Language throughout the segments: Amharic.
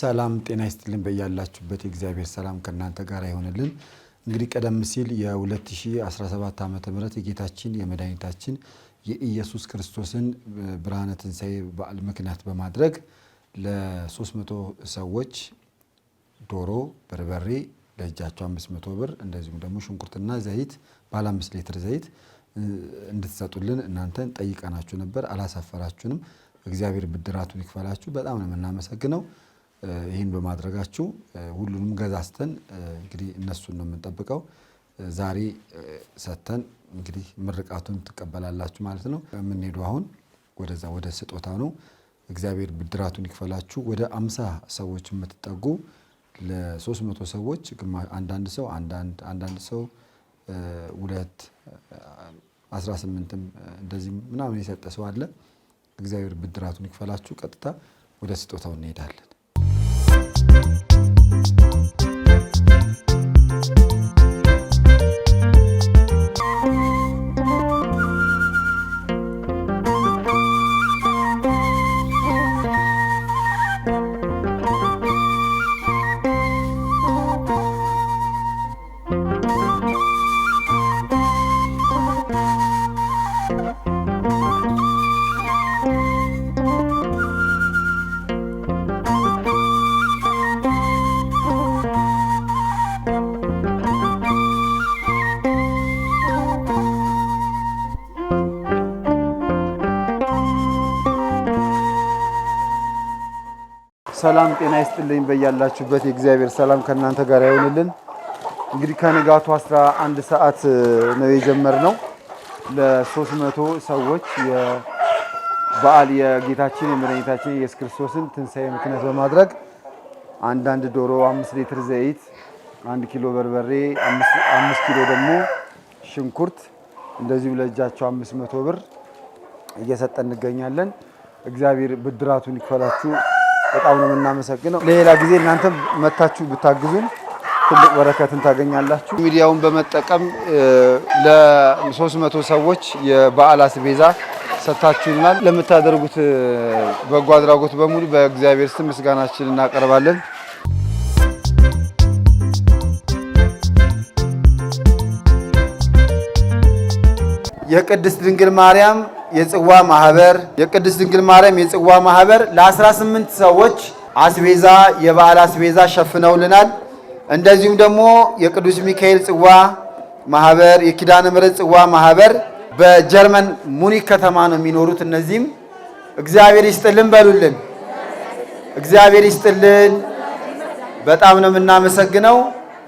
ሰላም ጤና ይስጥልን። በያላችሁበት የእግዚአብሔር ሰላም ከእናንተ ጋር ይሆንልን። እንግዲህ ቀደም ሲል የ2017 ዓ ም የጌታችን የመድኃኒታችን የኢየሱስ ክርስቶስን ብርሃነ ትንሣኤ በዓል ምክንያት በማድረግ ለ300 ሰዎች ዶሮ፣ በርበሬ ለእጃቸው 500 ብር እንደዚሁም ደግሞ ሽንኩርትና ዘይት ባለ አምስት ሊትር ዘይት እንድትሰጡልን እናንተን ጠይቀናችሁ ነበር። አላሳፈራችሁንም። እግዚአብሔር ብድራቱን ይክፈላችሁ። በጣም ነው የምናመሰግነው። ይህን በማድረጋችሁ ሁሉንም ገዛዝተን እንግዲህ እነሱን ነው የምንጠብቀው። ዛሬ ሰጥተን እንግዲህ ምርቃቱን ትቀበላላችሁ ማለት ነው። የምንሄደው አሁን ወደዛ ወደ ስጦታ ነው። እግዚአብሔር ብድራቱን ይክፈላችሁ። ወደ አምሳ ሰዎች የምትጠጉ ለሶስት መቶ ሰዎች አንዳንድ ሰው አንዳንድ ሰው ሁለት አስራ ስምንትም እንደዚህ ምናምን የሰጠ ሰው አለ። እግዚአብሔር ብድራቱን ይክፈላችሁ። ቀጥታ ወደ ስጦታው እንሄዳለን። できた ሰላም ጤና ይስጥልኝ። በያላችሁበት የእግዚአብሔር ሰላም ከእናንተ ጋር ይሆንልን። እንግዲህ ከንጋቱ 11 ሰዓት ነው የጀመርነው ለ300 ሰዎች በዓል የጌታችን የመድኃኒታችን ኢየሱስ ክርስቶስን ትንሣኤ ምክንያት በማድረግ አንዳንድ ዶሮ፣ አምስት ሊትር ዘይት፣ አንድ ኪሎ በርበሬ፣ አምስት ኪሎ ደግሞ ሽንኩርት እንደዚሁም ለእጃቸው አምስት መቶ ብር እየሰጠን እንገኛለን። እግዚአብሔር ብድራቱን ይክፈላችሁ። በጣም ነው የምናመሰግነው። ለሌላ ጊዜ እናንተ መታችሁ ብታግዙን ትልቅ በረከትን ታገኛላችሁ። ሚዲያውን በመጠቀም ለ መቶ ሰዎች የበዓል አስቤዛ ሰጥታችሁናል። ለምታደርጉት በጎ አድራጎት በሙሉ በእግዚአብሔር ስም ምስጋናችን እናቀርባለን። የቅድስት ድንግል ማርያም የጽዋ ማህበር፣ የቅድስት ድንግል ማርያም የጽዋ ማህበር ለ18 ሰዎች አስቤዛ የበዓል አስቤዛ ሸፍነውልናል። እንደዚሁም ደግሞ የቅዱስ ሚካኤል ጽዋ ማህበር፣ የኪዳነ ምሕረት ጽዋ ማህበር በጀርመን ሙኒክ ከተማ ነው የሚኖሩት። እነዚህም እግዚአብሔር ይስጥልን በሉልን። እግዚአብሔር ይስጥልን። በጣም ነው የምናመሰግነው።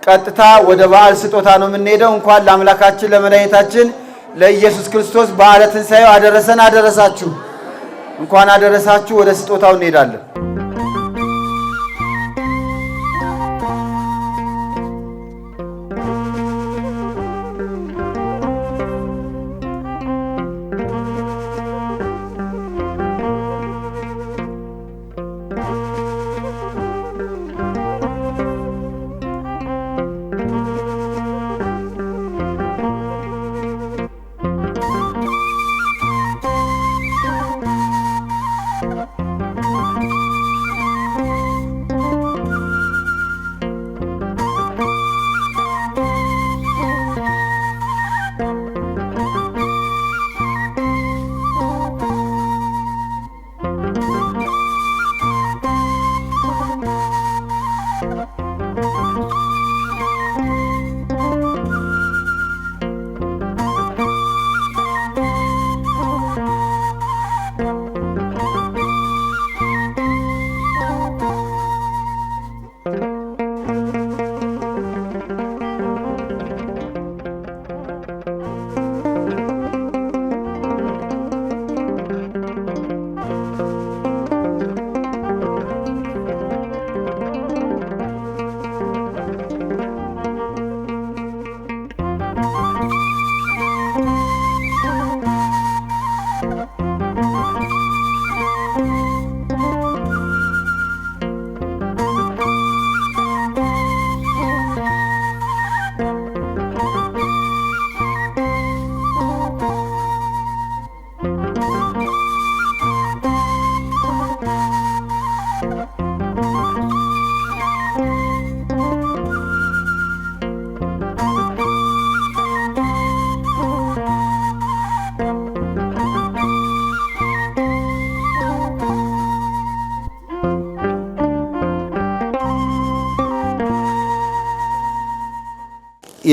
ቀጥታ ወደ በዓል ስጦታ ነው የምንሄደው። እንኳን ለአምላካችን ለመድኃኒታችን ለኢየሱስ ክርስቶስ በዓለ ትንሣኤው አደረሰን አደረሳችሁ። እንኳን አደረሳችሁ። ወደ ስጦታው እንሄዳለን።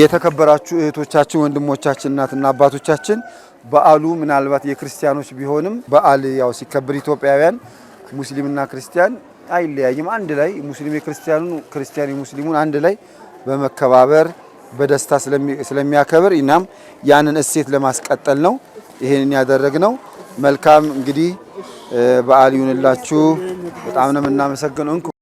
የተከበራችሁ እህቶቻችን፣ ወንድሞቻችን፣ እናትና አባቶቻችን በዓሉ ምናልባት የክርስቲያኖች ቢሆንም በዓል ያው ሲከብር ኢትዮጵያውያን ሙስሊምና ክርስቲያን አይለያይም። አንድ ላይ ሙስሊም የክርስቲያኑ ክርስቲያን የሙስሊሙን አንድ ላይ በመከባበር በደስታ ስለሚያከብር እናም ያንን እሴት ለማስቀጠል ነው ይሄንን ነው። መልካም እንግዲህ በዓል ይሁንላችሁ። በጣም ነው የምናመሰግነው።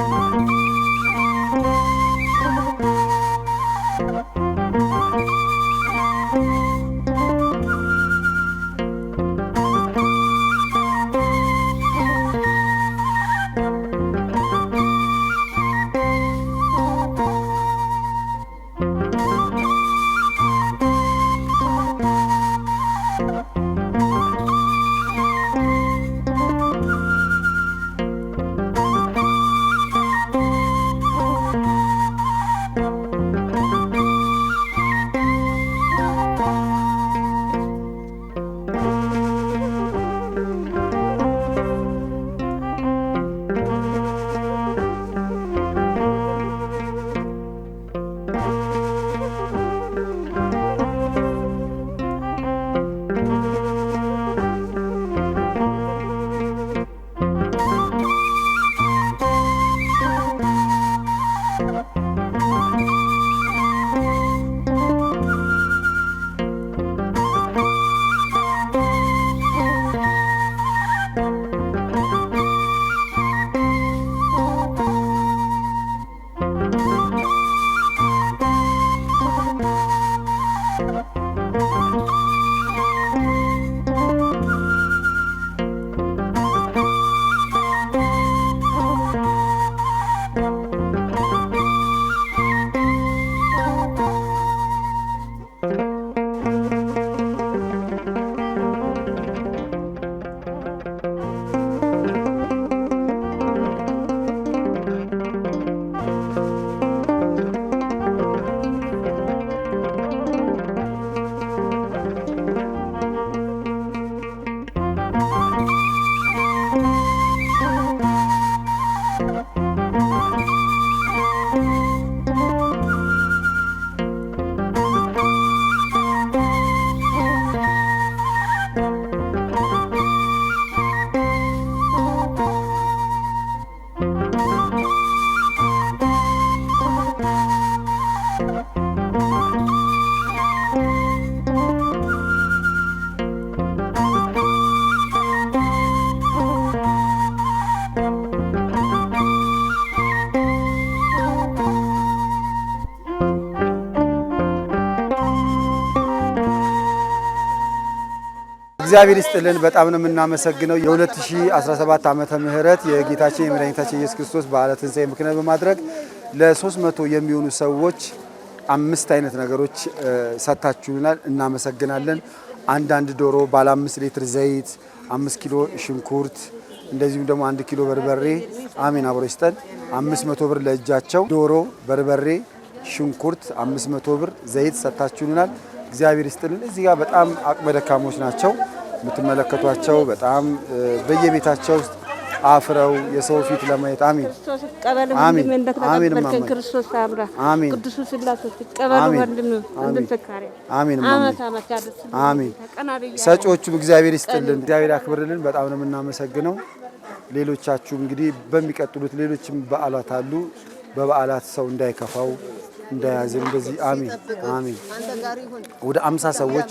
Música እግዚአብሔር ይስጥልን። በጣም ነው የምናመሰግነው። የ2017 ዓመተ ምህረት የጌታችን የመድኃኒታችን ኢየሱስ ክርስቶስ በዓለ ትንሣኤ ምክንያት በማድረግ ለ300 የሚሆኑ ሰዎች አምስት አይነት ነገሮች ሰጥታችሁናል። እናመሰግናለን። አንዳንድ ዶሮ፣ ባለ አምስት ሊትር ዘይት፣ አምስት ኪሎ ሽንኩርት እንደዚሁም ደግሞ አንድ ኪሎ በርበሬ አሜን አብሮ ይስጠን። አምስት መቶ ብር ለእጃቸው ዶሮ፣ በርበሬ፣ ሽንኩርት አምስት መቶ ብር ዘይት ሰጥታችሁናል። እግዚአብሔር ይስጥልን። እዚህ ጋር በጣም አቅመ ደካሞች ናቸው። የምትመለከቷቸው በጣም በየቤታቸው ውስጥ አፍረው የሰው ፊት ለማየት አሚን አሚን ክርስቶስ አምራ አሚን ቅዱስ ስላሴ ትቀበል ወንድም አሚን አሚን። ሰጪዎቹም እግዚአብሔር ይስጥልን፣ እግዚአብሔር ያክብርልን። በጣም ነው የምናመሰግነው። ሌሎቻችሁም እንግዲህ በሚቀጥሉት ሌሎችም በዓላት አሉ። በበዓላት ሰው እንዳይከፋው እንዳያዝን በዚህ አሚን አሚን ወደ አምሳ ሰዎች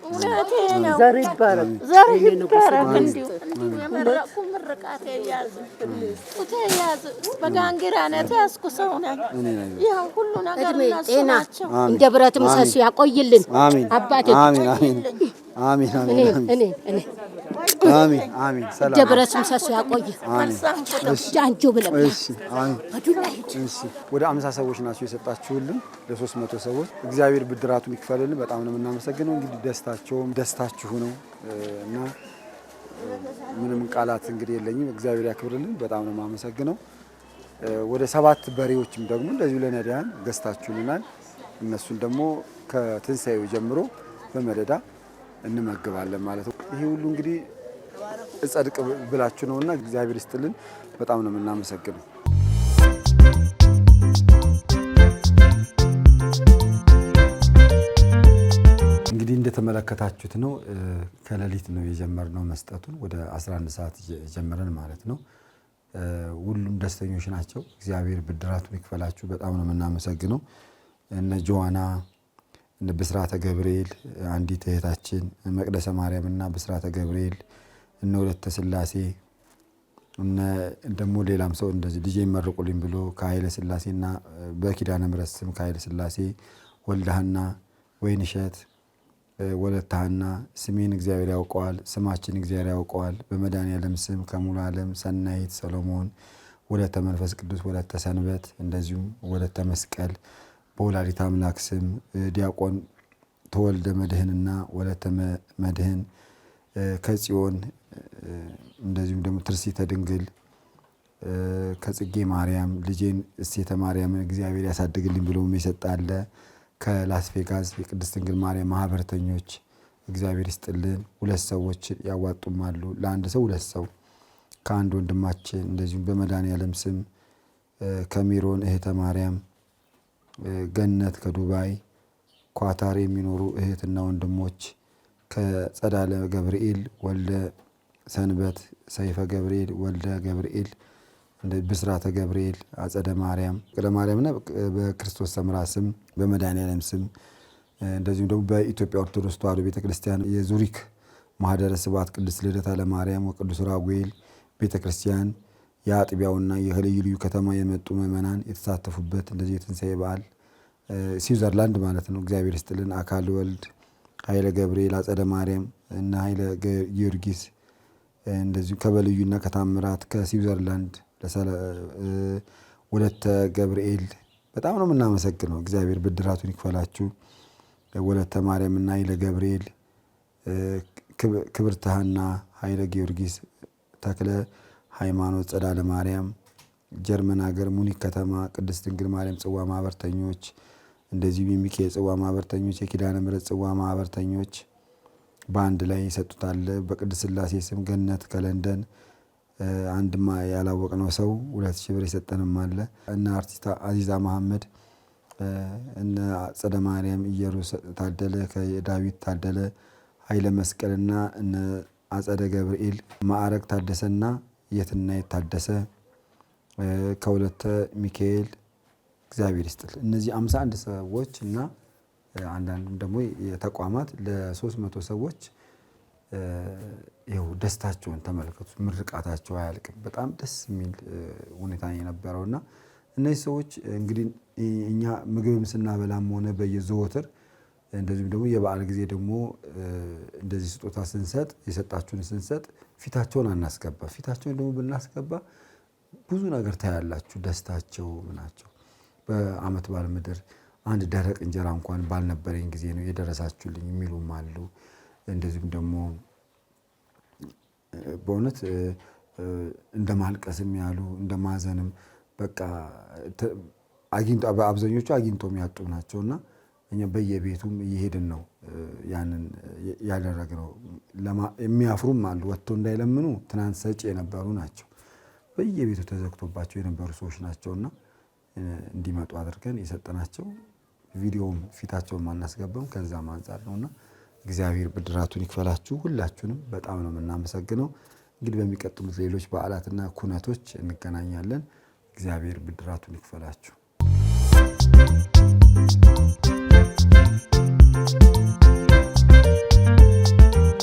ዘር ይባረክ፣ ዘር ይባረክ። እንዲሁ የመረቁ ምርቃት የያዝ ቁት የያዝ በጋንግራነት ያዝኩ ሰው ነኝ። ይኸው ሁሉ ነገር እነሱ ናቸው። እንደ ብረት ምሰሶ ያቆይልን አባቴ። አሜን አሜን። ሰላም ደብረስ ምሰሶ ያቆየ ጃንጆ ብለው ወደ አምሳ ሰዎች ናቸው የሰጣችሁልን፣ ለሶስት መቶ ሰዎች እግዚአብሔር ብድራቱን ይክፈልልን። በጣም ነው የምናመሰግነው። እንግዲህ ደስታቸውም ደስታችሁ ነው እና ምንም ቃላት እንግዲህ የለኝም። እግዚአብሔር ያክብርልን። በጣም ነው የማመሰግነው። ወደ ሰባት በሬዎችም ደግሞ እንደዚሁ ለነዳያን ገዝታችሁልናል። እነሱን ደግሞ ከትንሣኤው ጀምሮ በመደዳ እንመግባለን ማለት ነው። ይሄ ሁሉ እንግዲህ እጸድቅ ብላችሁ ነውና እግዚአብሔር ይስጥልን። በጣም ነው የምናመሰግነው። እንግዲህ እንደተመለከታችሁት ነው። ከሌሊት ነው የጀመርነው መስጠቱን ወደ 11 ሰዓት ጀመረን ማለት ነው። ሁሉም ደስተኞች ናቸው። እግዚአብሔር ብድራቱን ይክፈላችሁ። በጣም ነው የምናመሰግነው። እነ ጆዋና እነ ብስራተ ገብርኤል አንዲት እህታችን፣ መቅደሰ ማርያምና ብስራተ ገብርኤል እነ ሁለተ ስላሴ ደግሞ ሌላም ሰው እንደዚህ ልጄ ይመርቁልኝ ብሎ ከኃይለ ስላሴና በኪዳነ ምሕረት ስም ከኃይለ ስላሴ ወልዳህና ወይንሸት ወለታህና ስሜን እግዚአብሔር ያውቀዋል፣ ስማችን እግዚአብሔር ያውቀዋል። ያለም ስም ከሙሉ ዓለም ሰናይት፣ ሰሎሞን፣ ወለተ መንፈስ ቅዱስ፣ ወለተ ሰንበት፣ እንደዚሁም ወለተ መስቀል በወላዲት አምላክ ስም ዲያቆን ተወልደ መድህንና ወለተ መድህን ከጽዮን እንደዚሁም ደግሞ ትርሲተ ድንግል ከጽጌ ማርያም ልጄን እሴተ ማርያምን እግዚአብሔር ያሳድግልኝ ብሎ የሰጠ አለ። ከላስቬጋስ የቅድስት ድንግል ማርያም ማህበረተኞች እግዚአብሔር ይስጥልን። ሁለት ሰዎች ያዋጡማሉ፣ ለአንድ ሰው ሁለት ሰው ከአንድ ወንድማችን እንደዚሁም በመድኃኔዓለም ስም ከሚሮን እህተ ማርያም ገነት ከዱባይ ኳታር የሚኖሩ እህትና ወንድሞች ከጸዳለ ገብርኤል ወልደ ሰንበት፣ ሰይፈ ገብርኤል ወልደ ገብርኤል፣ ብስራተ ገብርኤል፣ አጸደ ማርያም፣ ቅደ ማርያምና በክርስቶስ ሰምራ ስም በመድኃኔዓለም ስም እንደዚሁም ደግሞ በኢትዮጵያ ኦርቶዶክስ ተዋሕዶ ቤተክርስቲያን የዙሪክ ማህደረ ስብሐት ቅድስት ልደታ ለማርያም ወቅዱስ ራጉኤል ቤተክርስቲያን የአጥቢያውና የልዩ ልዩ ከተማ የመጡ ምዕመናን የተሳተፉበት እንደዚህ የትንሳኤ በዓል ስዊዘርላንድ ማለት ነው። እግዚአብሔር ይስጥልን አካል ወልድ ኃይለ ገብርኤል፣ አጸደ ማርያም እና ኃይለ ጊዮርጊስ እንደዚሁ ከበልዩና ከታምራት ከስዊዘርላንድ ወለተ ገብርኤል በጣም ነው የምናመሰግነው። እግዚአብሔር ብድራቱን ይክፈላችሁ። ወለተ ማርያምና ኃይለ ገብርኤል፣ ክብርትሃና ኃይለ ጊዮርጊስ፣ ተክለ ሃይማኖት፣ ጸዳለ ማርያም፣ ጀርመን ሀገር ሙኒክ ከተማ ቅድስት ድንግል ማርያም ጽዋ ማህበርተኞች እንደዚሁ የሚካኤል ጽዋ ማህበርተኞች፣ የኪዳነ ምሕረት ጽዋ ማህበርተኞች በአንድ ላይ ይሰጡታል። በቅድስት ስላሴ ስም ገነት ከለንደን አንድማ ነው ሰው ሁለት ሺህ ብር የሰጠንም አለ። እነ አርቲስት አዚዛ መሐመድ እነ ጸደ ማርያም እየሩስ ታደለ ከዳዊት ታደለ ኃይለ መስቀልና እነ አጸደ ገብርኤል ማዕረግ ታደሰና የትና የታደሰ ከሁለተ ሚካኤል እግዚአብሔር ይስጥል። እነዚህ 51 ሰዎች እና አንዳንዱም ደግሞ ተቋማት ለ መቶ ሰዎች ይኸው ደስታቸውን ተመልከቱ። ምርቃታቸው አያልቅም። በጣም ደስ የሚል ሁኔታ የነበረው እና እነዚህ ሰዎች እንግዲህ እኛ ምግብም ስናበላም ሆነ በየዘወትር እንደዚሁም ደግሞ የበዓል ጊዜ ደግሞ እንደዚህ ስጦታ ስንሰጥ የሰጣችሁን ስንሰጥ ፊታቸውን አናስገባ። ፊታቸውን ደግሞ ብናስገባ ብዙ ነገር ታያላችሁ። ደስታቸው ምናቸው በአመት በዓል ምድር አንድ ደረቅ እንጀራ እንኳን ባልነበረኝ ጊዜ ነው የደረሳችሁልኝ የሚሉም አሉ። እንደዚሁም ደግሞ በእውነት እንደ ማልቀስም ያሉ እንደ ማዘንም በቃ አግኝቶ አብዛኞቹ ያጡ ናቸው እና እኛ በየቤቱም እየሄድን ነው ያንን ያደረግ ነው የሚያፍሩም አሉ ወጥቶ እንዳይለምኑ ትናንት ሰጪ የነበሩ ናቸው። በየቤቱ ተዘግቶባቸው የነበሩ ሰዎች ናቸውና እንዲመጡ አድርገን የሰጠናቸው ቪዲዮም ፊታቸውን ማናስገባም ከዛም አንጻር ነውና እግዚአብሔር ብድራቱን ይክፈላችሁ። ሁላችሁንም በጣም ነው የምናመሰግነው። እንግዲህ በሚቀጥሉት ሌሎች በዓላትና ኩነቶች እንገናኛለን። እግዚአብሔር ብድራቱን ይክፈላችሁ።